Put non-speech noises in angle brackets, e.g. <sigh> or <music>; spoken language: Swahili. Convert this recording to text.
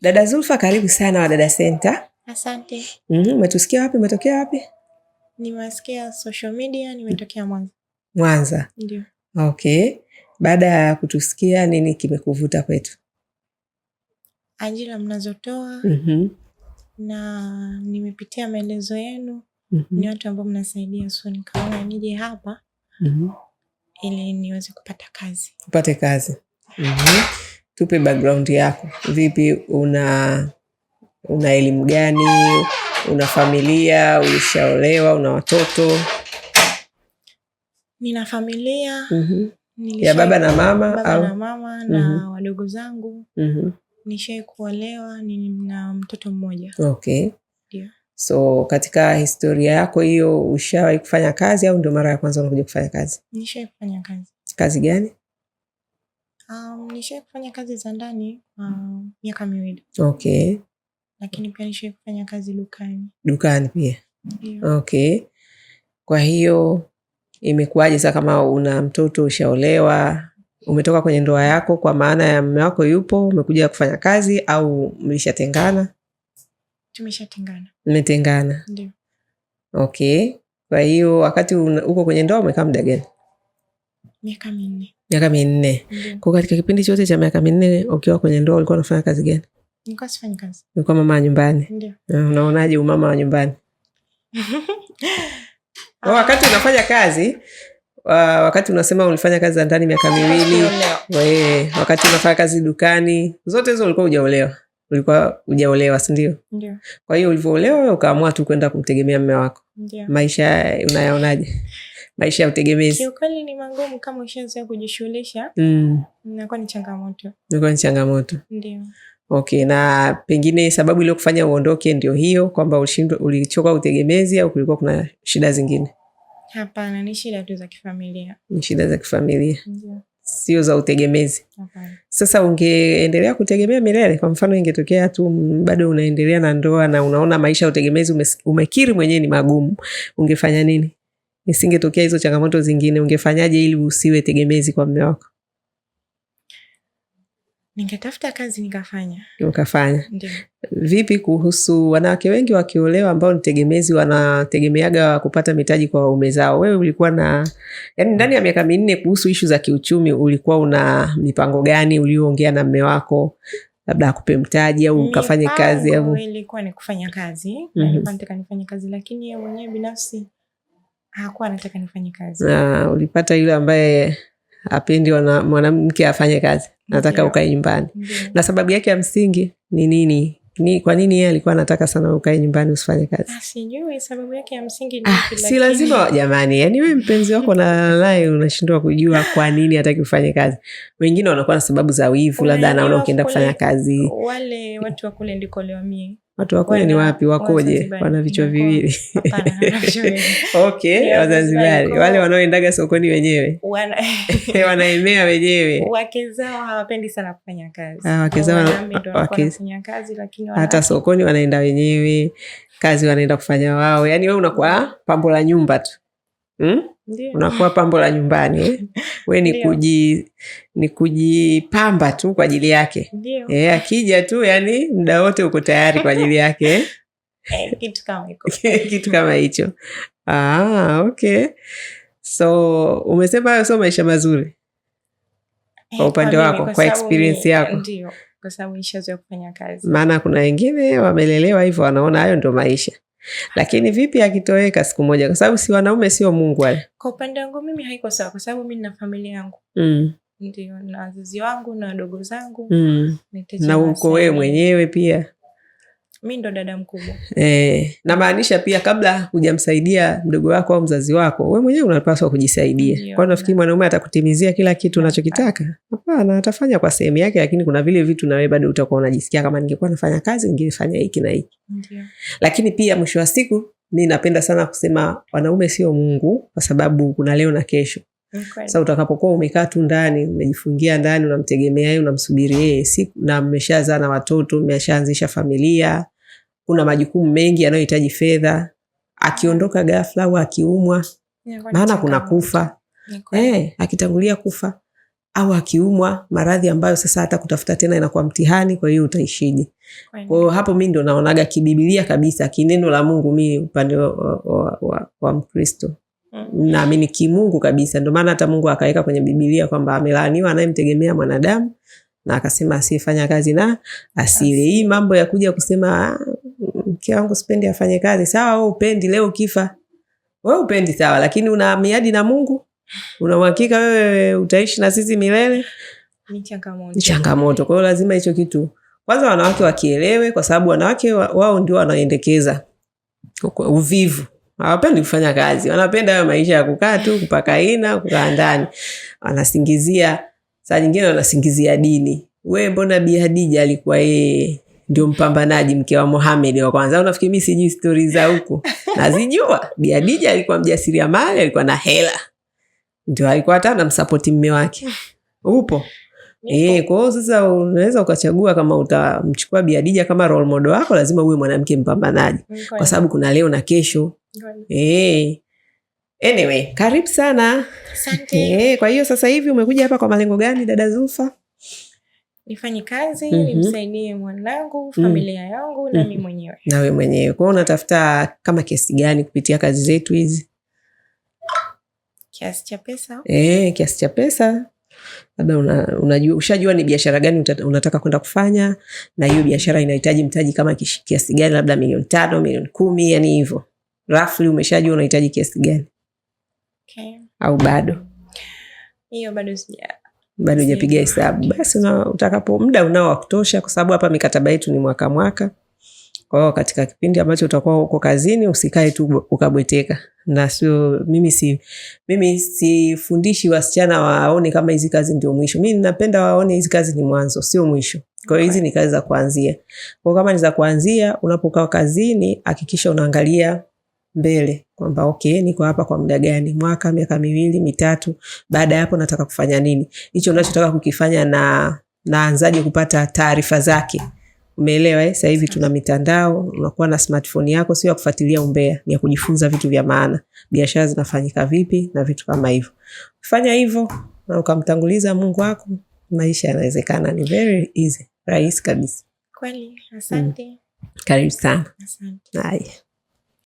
Dada Zulfa, karibu sana Wadada Senta. Asante. Mhm, umetusikia wapi? Umetokea wapi? Nimesikia social media, nimetokea Mwanza. Mwanza, ndio. Okay, baada ya kutusikia, nini kimekuvuta kwetu? Ajira mnazotoa mm -hmm. na nimepitia maelezo yenu mm -hmm. ni watu ambao mnasaidia, so nikaona nije hapa mm -hmm. ili niweze kupata kazi, upate kazi mm -hmm tupe background yako, vipi, una una elimu gani, una familia, ulishaolewa, una watoto? Nina familia mm -hmm. ya baba na mama, baba au? na mama na mm -hmm. wadogo zangu mm -hmm. nishai kuolewa, nina mtoto mmoja. Okay, yeah. So katika historia yako hiyo ushawahi kufanya kazi au ndio mara ya kwanza unakuja kufanya kazi? Nishai kufanya kazi. Kazi gani? Um, nishawai kufanya kazi za ndani um, mm. miaka um, miwili. Okay. Lakini pia nishawai kufanya kazi dukani. Dukani pia. Yeah. Okay. Kwa hiyo imekuwaje sasa kama una mtoto ushaolewa, umetoka kwenye ndoa yako kwa maana ya mume wako yupo, umekuja kufanya kazi au mlishatengana? Tumeshatengana. Mmetengana. Ndio. Okay. Kwa hiyo wakati uko kwenye ndoa umekaa muda gani? miaka minne. Miaka minne. Kwa katika kipindi chote cha miaka minne ukiwa kwenye ndoa ulikuwa unafanya kazi gani? Nilikuwa sifanyi kazi. Nilikuwa mama wa nyumbani. Ndio. Unaonaje umama wa nyumbani? <laughs> Wakati unafanya kazi wakati unasema ulifanya kazi za ndani miaka miwili, we, wakati unafanya kazi dukani, zote hizo ulikuwa ujaolewa, ulikuwa ujaolewa, si ndio? Kwa hiyo ulivyoolewa ukaamua tu kwenda kumtegemea mme wako. Ndiyo. Maisha unayaonaje? maisha ya utegemezi. Kiukweli ni magumu kama ushazoea kujishughulisha, mm. ni changamoto, inakuwa ni changamoto. Ndio. Okay, na pengine sababu iliyokufanya uondoke ndio hiyo kwamba ulichoka utegemezi au kulikuwa kuna shida zingine? Hapana, ni shida tu za kifamilia. Ni shida za kifamilia. Sio za utegemezi. Hapana. Sasa ungeendelea kutegemea milele? Kwa mfano, ingetokea tu bado unaendelea na ndoa na unaona maisha ya utegemezi, umekiri mwenyewe ni magumu, ungefanya nini? isingetokea hizo changamoto zingine, ungefanyaje ili usiwe tegemezi kwa mme wako? Ningetafuta kazi nikafanya. Ukafanya. Vipi kuhusu wanawake wengi wakiolewa ambao ni tegemezi, wanategemeaga kupata mitaji kwa waume zao? Wewe ulikuwa na yani, ndani ya miaka minne, kuhusu ishu za kiuchumi, ulikuwa una mipango gani ulioongea na mme wako, labda akupe mtaji au ukafanye kazi au? Ilikuwa ni kufanya kazi, nilikuwa mhm. nataka nifanye kazi, lakini yeye mwenyewe binafsi hakuwa anataka nifanye kazi. Na ulipata yule ambaye apendi mwanamke afanye kazi, nataka ukae nyumbani. Na sababu yake ya msingi ni nini? Ni kwa nini yeye alikuwa anataka sana ukae nyumbani usifanye kazi? Ah, sijui sababu yake ya msingi ni ah, si lazima jamani. Yani wewe mpenzi wako nalalaye unashindwa kujua kwa nini hataki ufanye kazi. Wengine wanakuwa na sababu za wivu, labda anaona ukienda kufanya kazi. Wale watu wa kule ndiko leo mie watu wakoya ni wapi? Wakoje? wana vichwa <laughs> viwili? Okay, Wazanzibari wale wanaoendaga sokoni wenyewe <laughs> wanaemea wenyewe, wake zao hawapendi sana kufanya kazi, ah, wake zao hata sokoni wanaenda wenyewe, kazi wanaenda kufanya wao. Yani we unakuwa mm. pambo la nyumba tu Hmm? unakuwa pambo la nyumbani eh? we ni kuji ni kujipamba tu kwa ajili yake eh, akija tu yani muda wote uko tayari kwa ajili yake eh? eh kitu kama <laughs> kitu kama hicho ah, okay so umesema hayo sio maisha mazuri eh, kwa upande wako, kwa experience yako kwa sababu nishazoea kufanya kazi. Maana kuna wengine wamelelewa hivyo, wanaona hayo ndio maisha lakini vipi akitoweka siku moja, kwa sababu si wanaume sio Mungu wale. Kwa upande wangu mimi haiko sawa, kwa sababu mi nina familia yangu mm. ndio na wazazi wangu na wadogo zangu mm. na uko wewe mwenyewe pia mi ndo dada mkubwa e, namaanisha pia kabla hujamsaidia mdogo wako au mzazi wako, we mwenyewe unapaswa kujisaidia. Kwani nafikiri mwanaume atakutimizia kila kitu unachokitaka? Hapana, atafanya kwa sehemu yake, lakini kuna vile vitu nawe bado utakuwa unajisikia kama ningekuwa nafanya kazi ningefanya hiki na hiki. Lakini pia mwisho wa siku mi napenda sana kusema wanaume sio Mungu, kwa sababu kuna leo na kesho. Sasa utakapokuwa umekaa tu ndani umejifungia ndani, unamtegemea yeye, unamsubiri yeye, si na mmeshazaa na watoto, mmeshaanzisha familia, kuna majukumu mengi yanayohitaji fedha, akiondoka ghafla au akiumwa, maana kuna kufa eh, akitangulia kufa au akiumwa maradhi ambayo sasa hata kutafuta tena inakuwa mtihani. Kwa hiyo utaishije? Kwa hiyo hapo mi ndo naonaga kibibilia kabisa, kineno la Mungu, mi upande wa, wa, wa, wa Mkristo mm. naamini kimungu kabisa. Ndio maana hata Mungu akaweka kwenye Bibilia kwamba amelaaniwa anayemtegemea mwanadamu, na akasema asiyefanya kazi na asile. Hii mambo ya kuja kusema ah, mke wangu sipendi afanye kazi. Sawa, wewe upendi, leo kifa wewe upendi, sawa, lakini una miadi na Mungu, una uhakika wewe utaishi na sisi milele? Ni changamoto, changamoto. Kwa hiyo lazima hicho kitu kwanza wanawake wakielewe, kwa sababu wanawake wao ndio wanaendekeza uvivu hawapendi kufanya kazi, wanapenda hayo maisha ya kukaa tu, kupaka ina, kukaa ndani. Wanasingizia saa nyingine, wanasingizia dini. We, mbona Bi Hadija alikuwa yeye ndio mpambanaji, mke wa Mohamed wa kwanza. Unafikiri mi sijui stori za huku? <laughs> Nazijua. Biadija alikuwa mjasiriamali, alikuwa na hela, ndio alikuwa hata namsapoti mme wake. Upo e, kwa hiyo sasa unaweza ukachagua kama utamchukua Biadija kama role model wako, lazima uwe mwanamke mpambanaji, kwa sababu kuna leo na kesho e. Anyway, karibu sana e. <laughs> Kwa hiyo sasa hivi umekuja hapa kwa malengo gani, dada Zulfa? nifanye kazi mm -hmm. nimsaidie mwanangu, familia mm -hmm. yangu na mimi mhm. mwenyewe. Nawe mwenyewe kwao, unatafuta kama kiasi gani kupitia kazi zetu hizi? Kiasi cha pesa e, kiasi cha pesa labda una, unajua ushajua ni biashara gani unataka kwenda kufanya, na hiyo biashara inahitaji mtaji kama kiasi gani, labda milioni tano, milioni kumi, yani hivyo rafli, umeshajua unahitaji kiasi gani? Okay. au bado hiyo bado sija bado hujapiga hesabu, basi utakapo muda unao wa kutosha, kwa sababu hapa mikataba yetu ni mwaka mwaka. Kwa hiyo katika kipindi ambacho utakuwa uko kazini usikae tu ukabweteka, na sio mimi, si mimi sifundishi wasichana waone kama hizi kazi ndio mwisho. Mimi ninapenda waone hizi kazi ni mwanzo, sio mwisho. Kwa hiyo hizi ni kazi za kuanzia. Kwa kama ni za kuanzia, unapokaa kazini hakikisha unaangalia mbele kwamba okay, niko hapa kwa muda gani, mwaka, miaka miwili mitatu, baada ya hapo nataka kufanya nini? Hicho unachotaka kukifanya na naanzaje kupata taarifa zake? Umeelewa eh? Sasa hivi tuna mitandao, unakuwa na smartphone yako, sio ya kufuatilia umbea, ni ya kujifunza vitu vya maana, biashara zinafanyika vipi na vitu kama hivyo. Fanya hivyo na ukamtanguliza Mungu wako, maisha yanawezekana. Ni very easy, rahisi kabisa. Kweli, asante. mm. Karibu sana. Asante.